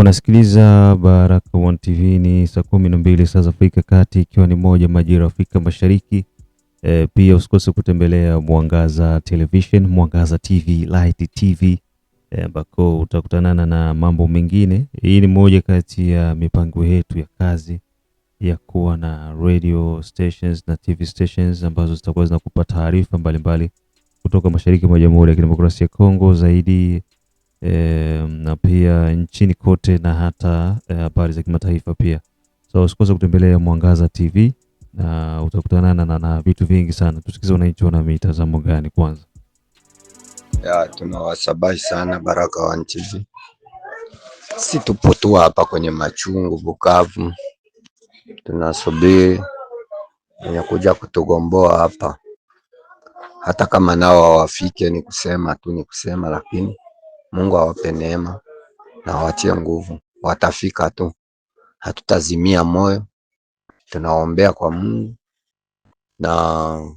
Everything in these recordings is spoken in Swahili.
Unasikiliza Baraka One TV, ni saa kumi na mbili saa za Afrika Kati, ikiwa ni moja majira Afrika Mashariki. E, pia usikose kutembelea Mwangaza Television, Mwangaza TV, Light TV e, ambako e, utakutanana na mambo mengine. Hii ni moja kati ya mipango yetu ya kazi ya kuwa na radio stations na TV stations ambazo zitakuwa zinakupa taarifa mbalimbali kutoka mashariki mwa Jamhuri ya Kidemokrasia ya Kongo zaidi e, na pia nchini kote na hata eh, habari e, za kimataifa pia. So usikose kutembelea Mwangaza TV na utakutana na, na, na vitu vingi sana. Tusikize wananchi wana mitazamo gani kwanza. Ya, tunawasabahi sana Baraka One TV. Si tupo tu hapa kwenye machungu Bukavu, tunasubiri wenye kuja kutugomboa hapa, hata kama nao hawafike, ni kusema tu, ni kusema lakini Mungu awape neema na awatie nguvu, watafika tu. Hatutazimia moyo, tunawaombea kwa Mungu na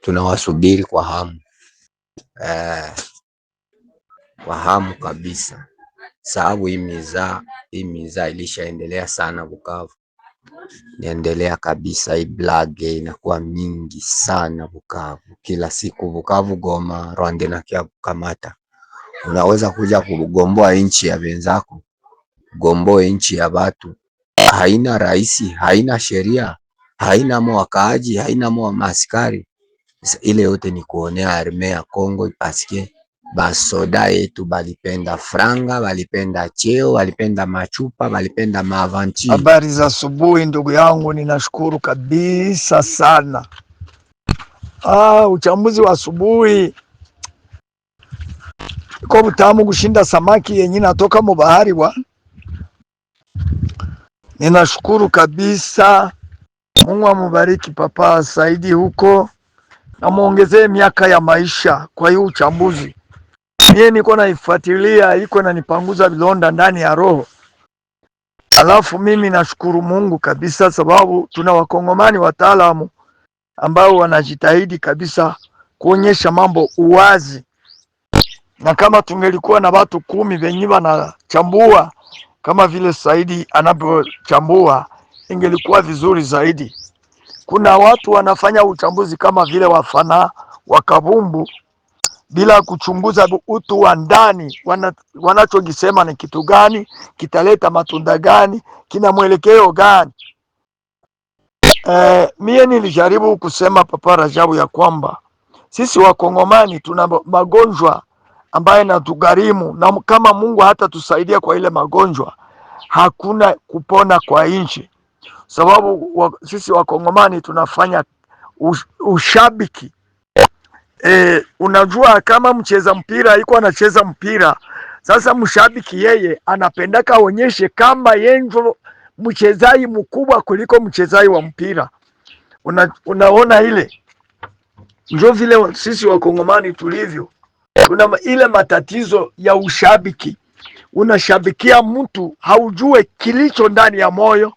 tunawasubiri kwa hamu eh, kwa hamu kabisa, sababu hii mizaa hii mizaa ilishaendelea sana Bukavu, niendelea kabisa. Hii blage inakuwa mingi sana Bukavu, kila siku Bukavu, Goma, Rwanda na kia kukamata unaweza kuja kugomboa nchi ya wenzako, gomboe nchi ya watu. Haina rais, haina sheria, haina mwakaaji, haina maaskari. Ile yote ni kuonea arme ya Kongo paske basoda yetu balipenda franga, balipenda cheo, balipenda machupa, balipenda maavanti. Habari za asubuhi, ndugu yangu, ninashukuru kabisa sana. Ah, uchambuzi wa asubuhi ko butamu gushinda samaki yenye natoka mu bahari wa Ninashukuru kabisa. Mungu amubariki Papa Saidi huko, amwongezee miaka ya maisha. Kwa hiyo uchambuzi mie niko naifuatilia, iko nanipanguza vilonda ndani ya roho. Alafu mimi nashukuru Mungu kabisa, sababu tuna wakongomani wataalamu ambao wanajitahidi kabisa kuonyesha mambo uwazi na kama tungelikuwa na watu kumi wenye wanachambua kama vile Saidi anavyochambua ingelikuwa vizuri zaidi. Kuna watu wanafanya uchambuzi kama vile wafana wakabumbu bila kuchunguza utu wa ndani, wana, wanachokisema ni kitu gani, kitaleta matunda gani, kina mwelekeo gani? E, mie nilijaribu kusema Papa Rajabu ya kwamba sisi wakongomani tuna magonjwa ambayo inatugharimu, na kama Mungu hatatusaidia kwa ile magonjwa, hakuna kupona kwa nchi, sababu wa, sisi wakongomani tunafanya ush, ushabiki e, unajua kama mcheza mpira iko anacheza mpira sasa, mshabiki yeye anapendaka aonyeshe kama yenjo mchezaji mkubwa kuliko mchezaji wa mpira. Una, unaona ile njo vile sisi wakongomani tulivyo kuna ile matatizo ya ushabiki. Unashabikia mtu haujue kilicho ndani ya moyo,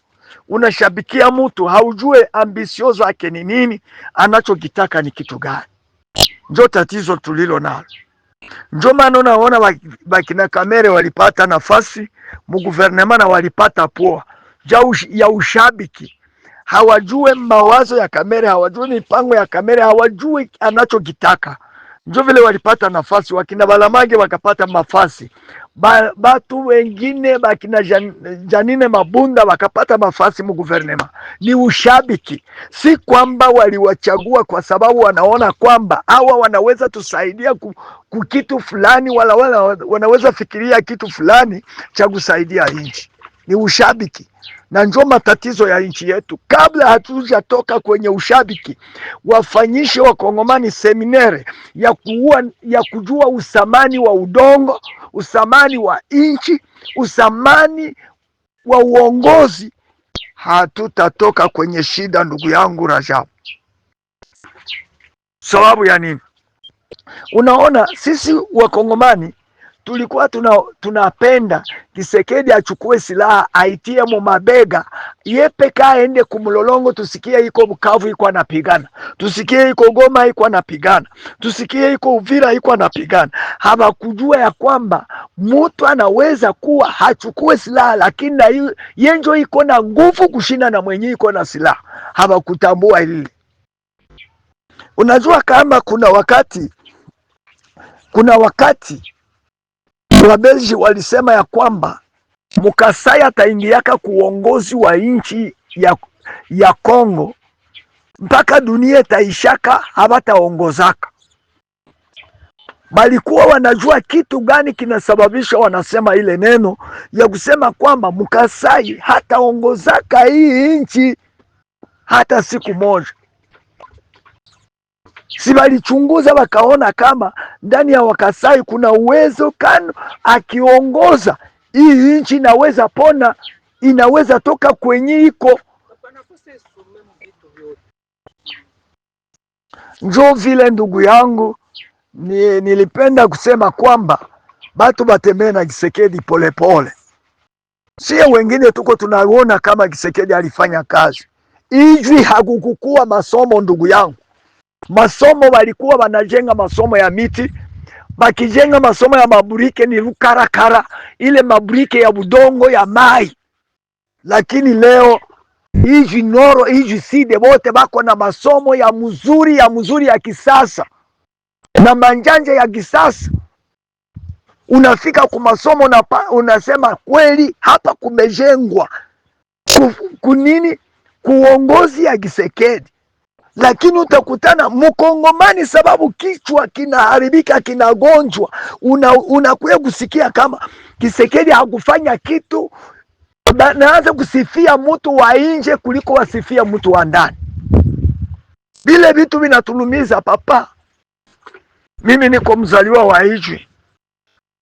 unashabikia mtu haujue ambisio zake ni nini, anachokitaka ni kitu gani. Njo tatizo tulilo nalo. Njo maana unaona bakina Kamere walipata nafasi muguvernema na walipata poa ya ushabiki hawajue mawazo ya Kamere, hawajue mipango ya Kamere, hawajue anachokitaka njo vile walipata nafasi wakina Balamage wakapata mafasi ba, batu wengine bakina jan, Janine Mabunda wakapata mafasi mu guvernema. Ni ushabiki, si kwamba waliwachagua kwa sababu wanaona kwamba hawa wanaweza tusaidia ku, ku kitu fulani wala, wala wanaweza fikiria kitu fulani cha kusaidia nchi. Ni ushabiki na njo matatizo ya nchi yetu. Kabla hatujatoka kwenye ushabiki, wafanyishe wakongomani seminere ya kuua, ya kujua usamani wa udongo, usamani wa nchi, usamani wa uongozi. Hatutatoka kwenye shida, ndugu yangu Rajabu. Sababu ya nini? Unaona, sisi wakongomani tulikuwa tuna, tunapenda Kisekedi achukue silaha aitie mu mabega ye peke aende kumlolongo, tusikie iko Bukavu iko anapigana, tusikie iko Goma iko anapigana, tusikie iko Uvira iko anapigana. Hawakujua ya kwamba mtu anaweza kuwa hachukue silaha, lakini na yeye njo iko na nguvu kushinda na mwenye iko na silaha. Hawakutambua hili. Unajua kama kuna wakati kuna wakati Wabelji walisema ya kwamba Mukasai ataingiaka kuongozi wa nchi ya, ya Kongo mpaka dunia itaishaka, habataongozaka. Balikuwa wanajua kitu gani kinasababisha wanasema ile neno ya kusema kwamba Mukasai hataongozaka hii nchi hata siku moja si walichunguza wakaona kama ndani ya Wakasai kuna uwezo kano akiongoza hii nchi inaweza pona, inaweza toka kwenye iko njo vile. Ndugu yangu ni, nilipenda kusema kwamba batu batembee na Kisekedi polepole, sie wengine tuko tunaona kama Kisekedi alifanya kazi ijwi, hakukukua masomo ndugu yangu masomo walikuwa wanajenga masomo ya miti bakijenga masomo ya maburike ni rukarakara, ile maburike ya budongo ya mai. Lakini leo iji noro iji side bote bako na masomo ya mzuri ya mzuri ya kisasa na manjanja ya kisasa. Unafika ku masomo na unasema kweli, hapa kumejengwa kunini kuongozi ya kisekedi lakini utakutana mkongomani, sababu kichwa kinaharibika, kinagonjwa, unakuya una kusikia kama Kisekedi hakufanya kitu, naanza kusifia mtu wa nje kuliko wasifia mtu wa ndani. Vile vitu vinatulumiza papa. Mimi niko mzaliwa wa Ijwi,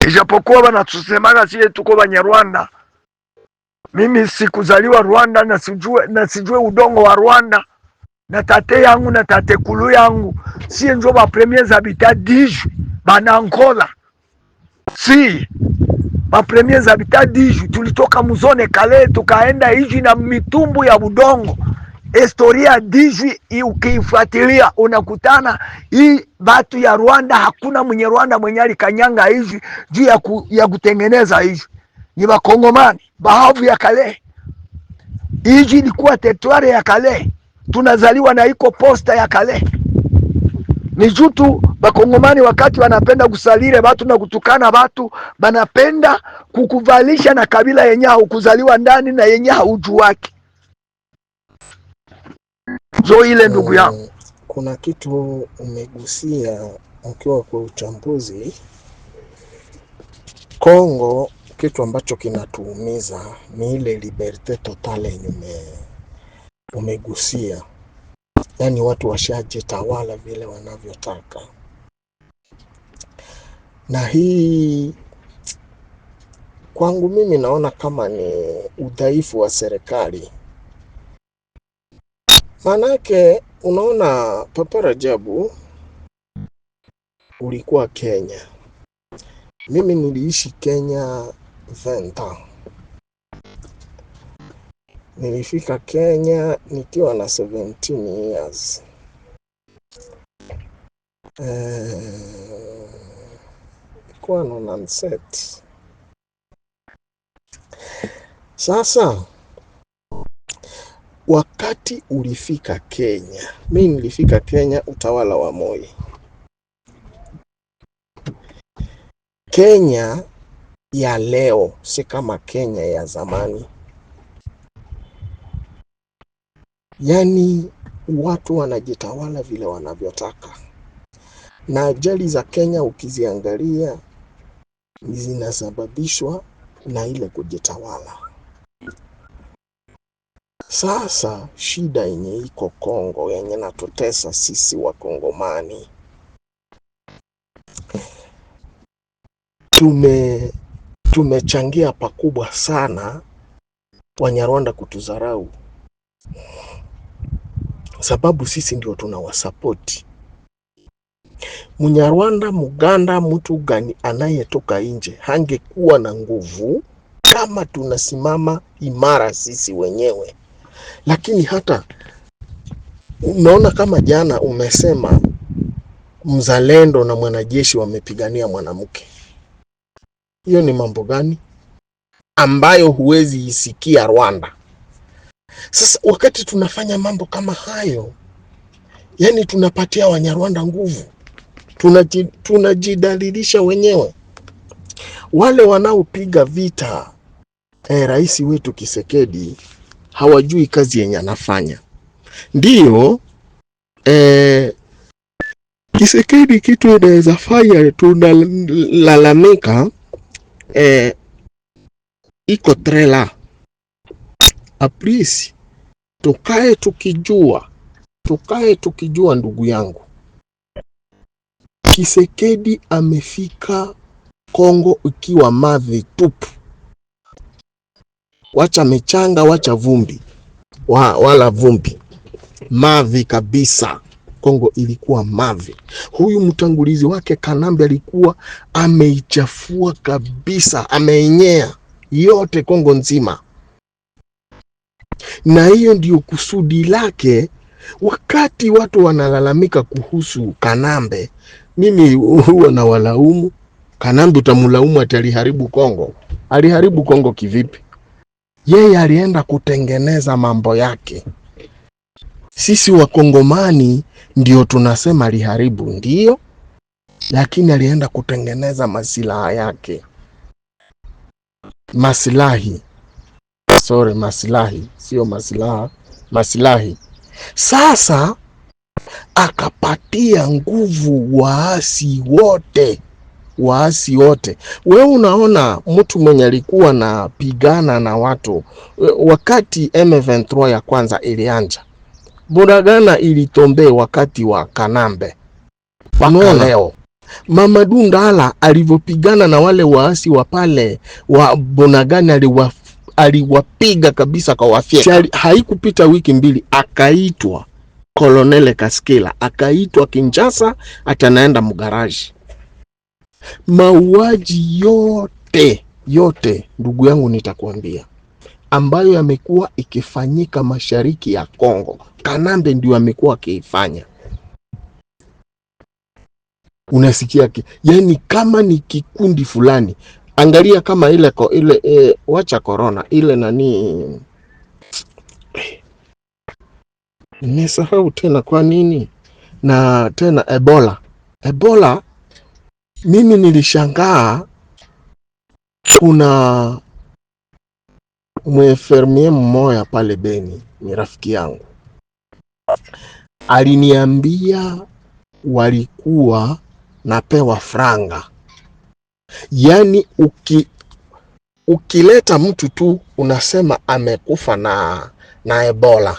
ijapokuwa wanatusemaga sie tuko Banyarwanda. Mimi sikuzaliwa Rwanda na sijue, na sijue udongo wa Rwanda na tate yangu na tate kulu yangu sie njo ba premiers habitants dijwi banangola si ba premier zabita dijwi tulitoka muzone kale tukaenda iji na mitumbu ya budongo historia dijwi ukiifuatilia unakutana hii batu ya Rwanda. Hakuna mwenye Rwanda mwenye alikanyanga iji juu ya, ku, ya kutengeneza iji ni bakongomani bahavu ya kale. Ijwi ilikuwa tetuare ya kale tunazaliwa na iko posta ya kale ni jutu bakongomani wakati wanapenda kusalire batu na kutukana batu, banapenda kukuvalisha na kabila yenye haukuzaliwa ndani na yenye uju wake zo ile. Ndugu eh, yangu, kuna kitu umegusia ukiwa kwa uchambuzi Kongo, kitu ambacho kinatuumiza ni ile liberte totale yenye umegusia, yaani watu washajitawala vile wanavyotaka, na hii kwangu mimi naona kama ni udhaifu wa serikali. Manake unaona, Papa Rajabu ulikuwa Kenya, mimi niliishi Kenya venta Nilifika Kenya nikiwa na 17 years. Eh, ilikuwa uh, nonanset. Sasa wakati ulifika Kenya, mi nilifika Kenya utawala wa Moi. Kenya ya leo si kama Kenya ya zamani. Yaani watu wanajitawala vile wanavyotaka, na ajali za Kenya ukiziangalia zinasababishwa na ile kujitawala. Sasa shida yenye iko Kongo, yenye natutesa sisi Wakongomani, tume tumechangia pakubwa sana Wanyarwanda kutudharau sababu sisi ndio tunawasapoti Munyarwanda, Muganda, mtu gani anayetoka nje hangekuwa na nguvu kama tunasimama imara sisi wenyewe. Lakini hata unaona kama jana umesema mzalendo na mwanajeshi wamepigania mwanamke, hiyo ni mambo gani ambayo huwezi isikia Rwanda? Sasa wakati tunafanya mambo kama hayo, yani tunapatia Wanyarwanda nguvu, tunajidalilisha wenyewe. Wale wanaopiga vita eh, rais wetu Kisekedi hawajui kazi yenye anafanya. Ndiyo eh, Kisekedi kitu inaweza fanya tunalalamika, eh, iko trela Aprisi, tukae tukijua, tukae tukijua, ndugu yangu, Kisekedi amefika Kongo ikiwa mavi tupu. Wacha mechanga, wacha vumbi wa, wala vumbi, mavi kabisa. Kongo ilikuwa mavi. Huyu mtangulizi wake Kanambe alikuwa ameichafua kabisa, ameenyea yote Kongo nzima na hiyo ndio kusudi lake. Wakati watu wanalalamika kuhusu Kanambe, mimi huwa na walaumu Kanambe. Utamlaumu ati aliharibu Kongo? Aliharibu Kongo kivipi? Yeye alienda kutengeneza mambo yake. Sisi Wakongomani ndio tunasema aliharibu, ndio, lakini alienda kutengeneza masilaha yake, masilahi sorry, maslahi sio maslaha, maslahi. Sasa akapatia nguvu waasi wote, waasi wote. We unaona mtu mwenye alikuwa na pigana na watu wakati M23 ya kwanza ilianja, Bunagana ilitombe wakati wa Kanambe leo Mamadu alivyopigana na wale waasi wa pale wa Bunagana aliwa aliwapiga kabisa, akawafyeka. Haikupita wiki mbili, akaitwa Kolonele Kaskila, akaitwa Kinshasa, atanaenda mgaraji. Mauaji yote yote, ndugu yangu, nitakuambia ambayo yamekuwa ikifanyika mashariki ya Kongo, Kanambe ndio amekuwa akiifanya. Unasikia, yaani kama ni kikundi fulani angalia kama ile ko, ile e, wacha corona ile nani nimesahau tena kwa nini, na tena Ebola. Ebola mimi nilishangaa kuna mwefermie mmoja pale Beni, ni rafiki yangu, aliniambia walikuwa napewa franga Yaani uki, ukileta mtu tu unasema amekufa na, na Ebola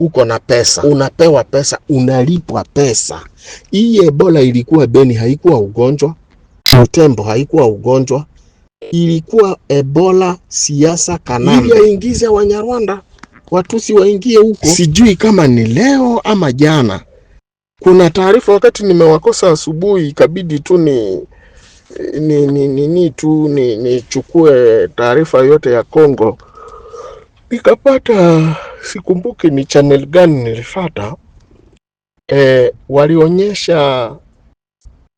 uko na pesa, unapewa pesa, unalipwa pesa. Hii Ebola ilikuwa Beni, haikuwa ugonjwa. mtembo haikuwa ugonjwa, ilikuwa Ebola siasa kanani yaingiza Wanyarwanda Watusi waingie huko. Sijui kama ni leo ama jana, kuna taarifa wakati nimewakosa asubuhi, ikabidi tu ni ni nini ni, tu nichukue ni taarifa yote ya Kongo, nikapata sikumbuki ni channel gani nilifata e, walionyesha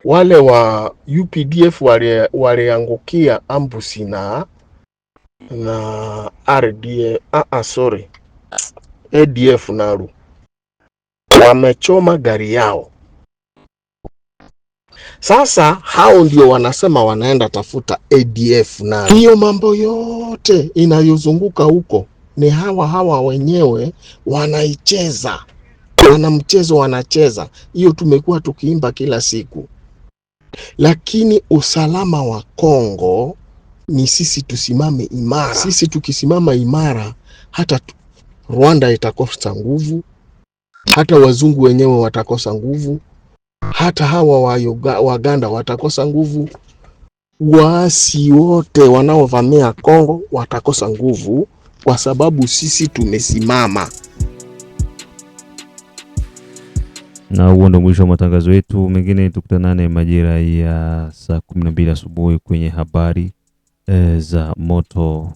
wale wa UPDF waliangukia ambusi na na RDF, ah, ah, sorry ADF naru wamechoma gari yao sasa hao ndio wanasema wanaenda tafuta ADF, na hiyo mambo yote inayozunguka huko ni hawa hawa wenyewe wanaicheza, wana mchezo wanacheza. Hiyo tumekuwa tukiimba kila siku, lakini usalama wa Kongo ni sisi tusimame imara. Sisi tukisimama imara, hata Rwanda itakosa nguvu, hata wazungu wenyewe watakosa nguvu, hata hawa Waganda watakosa nguvu, waasi wote wanaovamia Kongo watakosa nguvu, kwa sababu sisi tumesimama. Na huo ndio mwisho wa matangazo yetu, mengine tukutanane majira ya saa kumi na mbili asubuhi kwenye habari e, za moto.